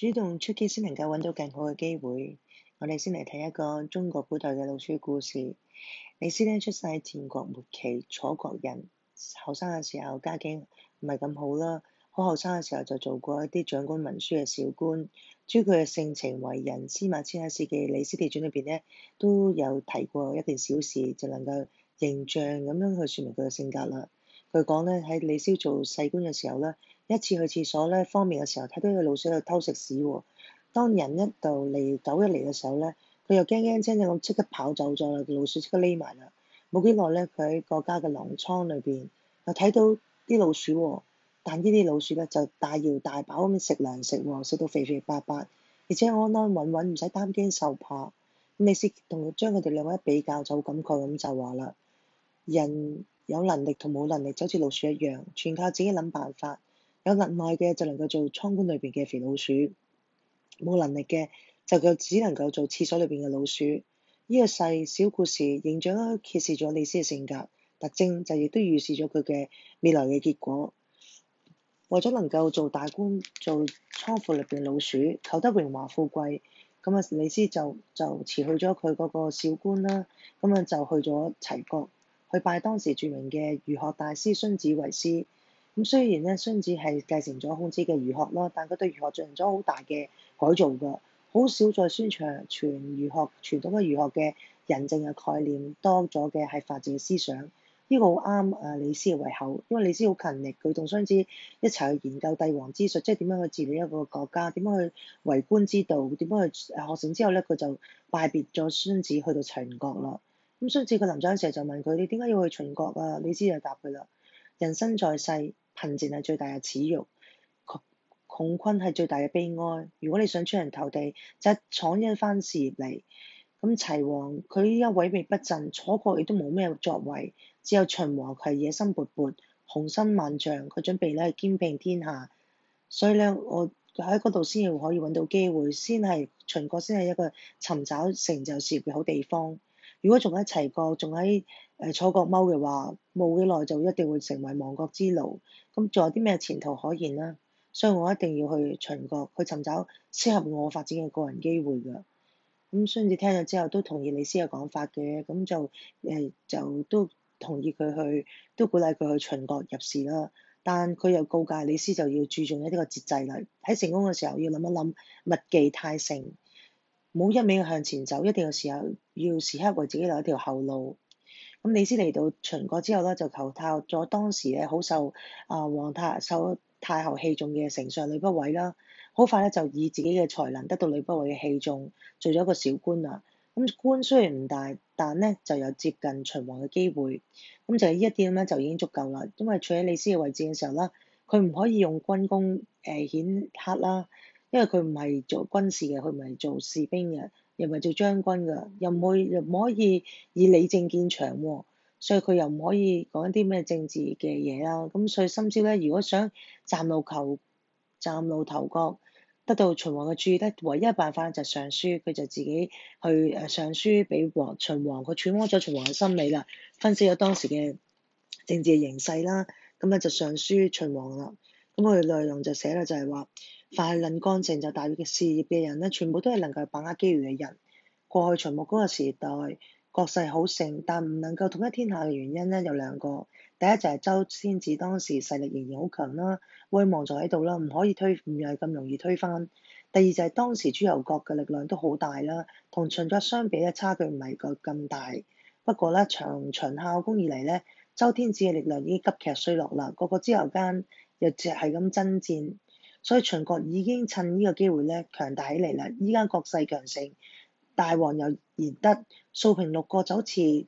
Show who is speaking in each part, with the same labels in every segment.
Speaker 1: 主動出擊先能夠揾到更好嘅機會。我哋先嚟睇一個中國古代嘅老鼠故事。李斯呢，出世喺戰國末期，楚國人。後生嘅時候家境唔係咁好啦，好後生嘅時候就做過一啲掌管文書嘅小官。主要佢嘅性情、為人，司馬遷喺《史記·李斯列傳》裏邊呢，都有提過一件小事，就能夠形象咁樣去説明佢嘅性格啦。佢講呢，喺李斯做細官嘅時候呢。一次去廁所咧，方便嘅時候睇到個老鼠喺度偷食屎喎。當人一到嚟，狗一嚟嘅時候咧，佢又驚驚青青咁即刻跑走咗啦，個老鼠即刻匿埋啦。冇幾耐咧，佢喺國家嘅糧倉裏邊又睇到啲老鼠喎，但呢啲老鼠咧就大搖大擺咁樣食糧食喎，食到肥肥白白，而且安安穩穩唔使擔驚受怕。咁李斯同佢將佢哋兩個一比較就好感慨咁就話啦，人有能力同冇能力就好似老鼠一樣，全靠自己諗辦法。有能耐嘅就能夠做倉庫裏邊嘅肥老鼠，冇能力嘅就只能夠做廁所裏邊嘅老鼠。呢個細小故事形象都揭示咗李斯嘅性格特徵，就亦都預示咗佢嘅未來嘅結果。為咗能夠做大官，做倉庫裏邊老鼠，求得榮華富貴，咁啊李斯就就辭去咗佢嗰個小官啦，咁啊就去咗齊國，去拜當時著名嘅儒學大師荀子為師。咁雖然咧，孫子係繼承咗孔子嘅儒學咯，但佢對儒學進行咗好大嘅改造㗎，好少再宣傳傳儒學傳統嘅儒學嘅仁政嘅概念，多咗嘅係法治嘅思想。呢、這個好啱啊！李斯胃口，因為李斯好勤力，佢同孫子一齊去研究帝王之術，即係點樣去治理一個國家，點樣去為官之道，點樣去學成之後咧，佢就拜別咗孫子去到秦國啦。咁孫子個臨走嗰時就問佢：你點解要去秦國啊？李斯就答佢啦。人生在世，貧賤係最大嘅恥辱，窮困係最大嘅悲哀。如果你想出人頭地，就係闖一番事業嚟。咁齊王佢依家萎靡不振，楚國亦都冇咩作為，只有秦王佢係野心勃勃、雄心萬丈，佢準備咧兼併天下。所以咧，我喺嗰度先至可以揾到機會，先係秦國先係一個尋找成就事業嘅好地方。如果仲喺齊國，仲喺誒楚國踎嘅話，冇幾耐就一定會成為亡國之奴。咁仲有啲咩前途可言啦？所以我一定要去秦國，去尋找適合我發展嘅個人機會㗎。咁孫子聽咗之後都同意李斯嘅講法嘅，咁就誒就都同意佢去，都鼓勵佢去秦國入仕啦。但佢又告誡李斯就要注重一啲個節制啦。喺成功嘅時候要諗一諗物極太盛，冇一味向前走，一定嘅時候。要時刻為自己留一條後路。咁李斯嚟到秦國之後咧，就投靠咗當時咧好受啊皇太受太后器重嘅丞相呂不韋啦。好快咧就以自己嘅才能得到呂不韋嘅器重，做咗一個小官啦。咁官雖然唔大，但咧就有接近秦王嘅機會。咁就係呢一點咁咧就已經足夠啦。因為處喺李斯嘅位置嘅時候啦，佢唔可以用軍功誒、呃、顯赫啦，因為佢唔係做軍事嘅，佢唔係做士兵嘅。又唔係做將軍噶，又唔可以又唔可以以理政見長喎、哦，所以佢又唔可以講啲咩政治嘅嘢啦。咁所以，甚至咧，如果想嶄露頭嶄露頭角，得到秦王嘅注意咧，唯一嘅辦法就係上書，佢就自己去誒上書俾王秦王，佢揣摩咗秦王嘅心理啦，分析咗當時嘅政治嘅形勢啦，咁咧就上書秦王啦。咁佢內容就寫啦，就係話。凡係能幹成就大嘅事業嘅人咧，全部都係能夠把握機遇嘅人。過去秦穆公嘅時代，國勢好盛，但唔能夠統一天下嘅原因咧，有兩個，第一就係周天子當時勢力仍然好強啦，威望就喺度啦，唔可以推，唔係咁容易推翻。第二就係當時諸侯國嘅力量都好大啦，同秦國相比咧，差距唔係個咁大。不過咧，長秦孝公以嚟咧，周天子嘅力量已經急劇衰落啦，個個諸侯間又淨係咁爭戰。所以秦國已經趁呢個機會咧，強大起嚟啦！依家國勢強盛，大王又賢德，掃平六國就好似誒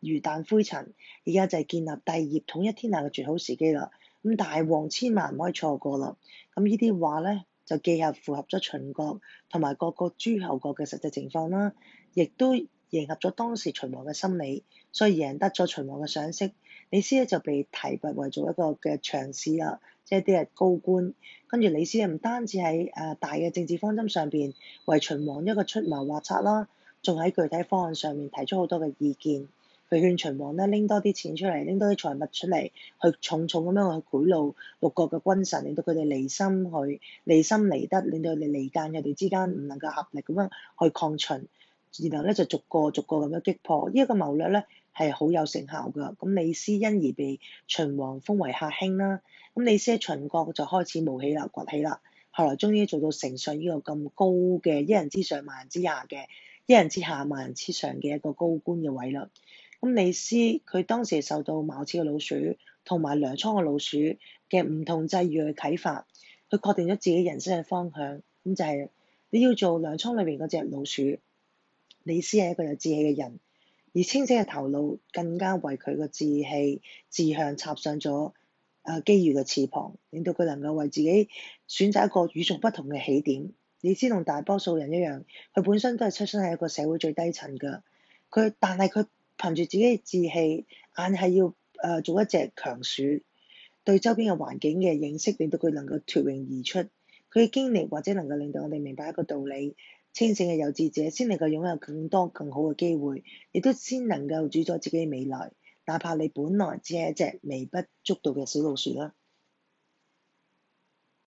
Speaker 1: 如彈灰塵，而家就係建立帝業統一天下嘅最好時機啦！咁大王千萬唔可以錯過啦！咁呢啲話咧就既係符合咗秦國同埋各個諸侯國嘅實際情況啦，亦都迎合咗當時秦王嘅心理，所以贏得咗秦王嘅賞識，李斯咧就被提拔為做一個嘅長史啦。即係啲係高官，跟住李斯咧唔單止喺誒大嘅政治方針上邊為秦王一個出謀劃策啦，仲喺具體方案上面提出好多嘅意見，佢勸秦王咧拎多啲錢出嚟，拎多啲財物出嚟，去重重咁樣去賄賂六國嘅君臣，令到佢哋離心去，離心離德，令到佢哋離間佢哋之間唔能夠合力咁樣去抗秦。然後咧就逐個逐個咁樣擊破，呢一個謀略咧係好有成效㗎。咁李斯因而被秦王封為客卿啦。咁李斯喺秦國就開始冒起啦，崛起啦。後來終於做到丞相呢個咁高嘅，一人之上萬人之下嘅，一人之下萬人之上嘅一個高官嘅位啦。咁李斯佢當時受到茅廁嘅老鼠同埋糧倉嘅老鼠嘅唔同際遇嘅啟發，佢確定咗自己人生嘅方向，咁就係你要做糧倉裏邊嗰隻老鼠。李斯係一個有志氣嘅人，而清醒嘅頭腦更加為佢個志氣、志向插上咗誒機遇嘅翅膀，令到佢能夠為自己選擇一個與眾不同嘅起點。李斯同大多數人一樣，佢本身都係出身喺一個社會最低層嘅，佢但係佢憑住自己嘅志氣，硬係要誒做一隻強鼠，對周邊嘅環境嘅認識，令到佢能夠脫穎而出。佢嘅經歷或者能夠令到我哋明白一個道理。清醒嘅有志者，先能夠擁有更多更好嘅機會，亦都先能夠主宰自己嘅未來，哪怕你本來只係一隻微不足道嘅小老鼠啦～